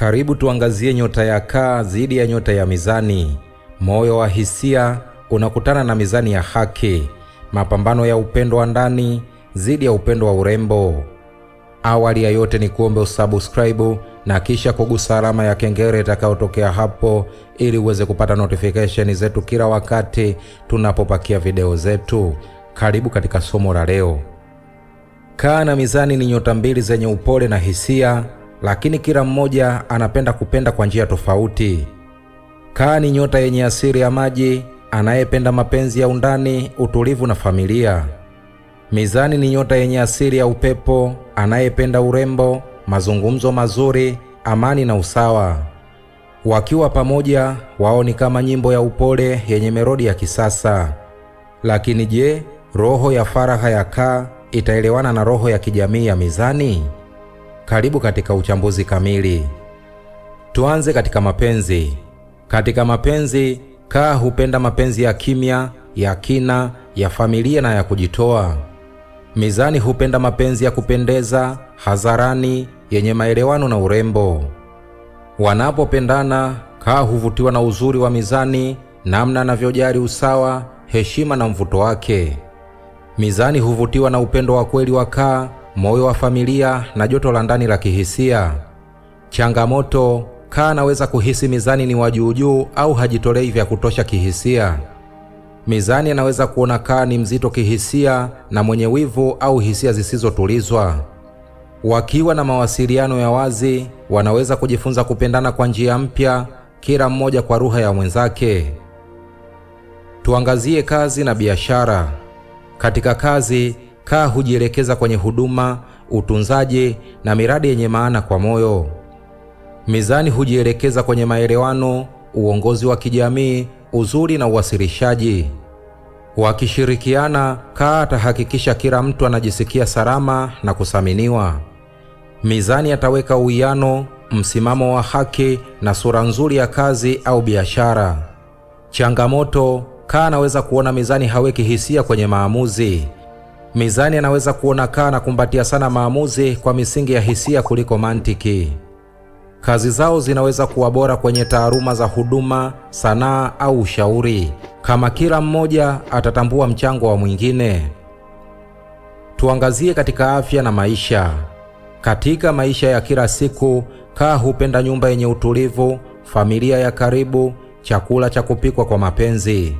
Karibu tuangazie nyota ya Kaa dhidi ya nyota ya Mizani. Moyo wa hisia unakutana na mizani ya haki, mapambano ya upendo wa ndani dhidi ya upendo wa urembo. Awali ya yote ni kuombe usubscribe na kisha kugusa alama ya kengele itakayotokea hapo ili uweze kupata notification zetu kila wakati tunapopakia video zetu. Karibu katika somo la leo. Kaa na Mizani ni nyota mbili zenye upole na hisia lakini kila mmoja anapenda kupenda kwa njia tofauti. Kaa ni nyota yenye asiri ya maji anayependa mapenzi ya undani, utulivu na familia. Mizani ni nyota yenye asili ya upepo anayependa urembo, mazungumzo mazuri, amani na usawa. Wakiwa pamoja, wao ni kama nyimbo ya upole yenye melodi ya kisasa. Lakini je, roho ya faraha ya kaa itaelewana na roho ya kijamii ya mizani? Karibu katika uchambuzi kamili. Tuanze katika mapenzi. Katika mapenzi, Kaa hupenda mapenzi ya kimya, ya kina, ya familia na ya kujitoa. Mizani hupenda mapenzi ya kupendeza, hadharani, yenye maelewano na urembo. Wanapopendana, Kaa huvutiwa na uzuri wa Mizani, namna anavyojali usawa, heshima na mvuto wake. Mizani huvutiwa na upendo wa kweli wa Kaa moyo wa familia na joto la ndani la kihisia. Changamoto: Kaa anaweza kuhisi mizani ni wa au hajitolei vya kutosha kihisia. Mizani anaweza kuona Kaa ni mzito kihisia na mwenye wivu au hisia zisizotulizwa. Wakiwa na mawasiliano ya wazi, wanaweza kujifunza kupendana kwa njia mpya, kila mmoja kwa ruha ya mwenzake. Tuangazie kazi na biashara. Katika kazi Kaa hujielekeza kwenye huduma, utunzaji na miradi yenye maana kwa moyo. Mizani hujielekeza kwenye maelewano, uongozi wa kijamii, uzuri na uwasilishaji. Wakishirikiana, Kaa atahakikisha kila mtu anajisikia salama na kuthaminiwa. Mizani ataweka uwiano, msimamo wa haki na sura nzuri ya kazi au biashara. Changamoto, Kaa anaweza kuona mizani haweki hisia kwenye maamuzi, Mizani anaweza kuonakaa na kumbatia sana maamuzi kwa misingi ya hisia kuliko mantiki. Kazi zao zinaweza kuwa bora kwenye taaluma za huduma, sanaa au ushauri, kama kila mmoja atatambua mchango wa mwingine. Tuangazie katika afya na maisha. Katika maisha ya kila siku, kaa hupenda nyumba yenye utulivu, familia ya karibu, chakula cha kupikwa kwa mapenzi.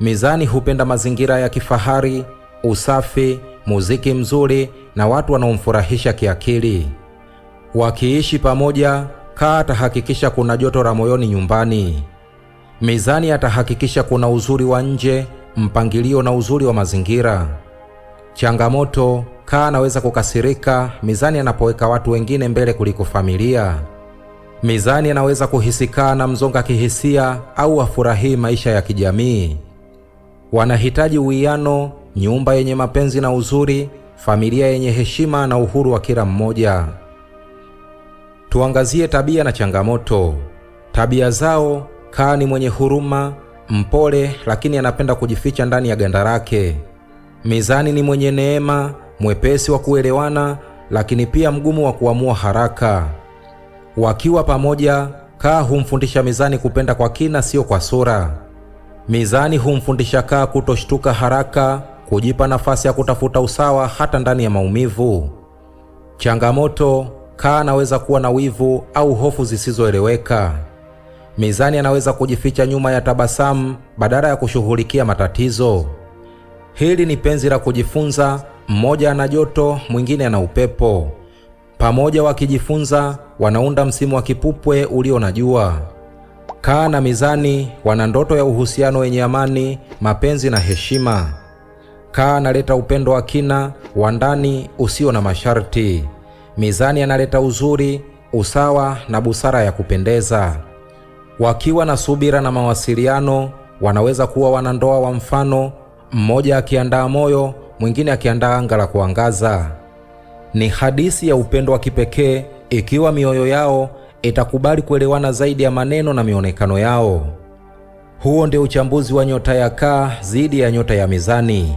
Mizani hupenda mazingira ya kifahari, usafi, muziki mzuri na watu wanaomfurahisha kiakili. Wakiishi pamoja, Kaa atahakikisha kuna joto la moyoni nyumbani. Mizani atahakikisha kuna uzuri wa nje, mpangilio na uzuri wa mazingira. Changamoto, Kaa anaweza kukasirika Mizani anapoweka watu wengine mbele kuliko familia. Mizani anaweza kuhisikaa na mzonga kihisia au afurahii maisha ya kijamii. Wanahitaji uwiano nyumba yenye mapenzi na uzuri, familia yenye heshima na uhuru wa kila mmoja. Tuangazie tabia na changamoto. Tabia zao: Kaa ni mwenye huruma, mpole, lakini anapenda kujificha ndani ya ganda lake. Mizani ni mwenye neema, mwepesi wa kuelewana, lakini pia mgumu wa kuamua haraka. Wakiwa pamoja, Kaa humfundisha Mizani kupenda kwa kina, sio kwa sura. Mizani humfundisha Kaa kutoshtuka haraka, kujipa nafasi ya kutafuta usawa hata ndani ya maumivu. Changamoto: Kaa anaweza kuwa na wivu au hofu zisizoeleweka. Mizani anaweza kujificha nyuma ya tabasamu badala ya kushughulikia matatizo. Hili ni penzi la kujifunza, mmoja ana joto, mwingine ana upepo. Pamoja wakijifunza, wanaunda msimu wa kipupwe ulio na jua. Kaa na Mizani wana ndoto ya uhusiano wenye amani, mapenzi na heshima. Kaa analeta upendo wa kina wa ndani usio na masharti. Mizani analeta uzuri, usawa na busara ya kupendeza. Wakiwa na subira na mawasiliano, wanaweza kuwa wanandoa wa mfano, mmoja akiandaa moyo, mwingine akiandaa anga la kuangaza. Ni hadithi ya upendo wa kipekee ikiwa mioyo yao itakubali kuelewana zaidi ya maneno na mionekano yao. Huo ndio uchambuzi wa nyota ya Kaa dhidi ya nyota ya Mizani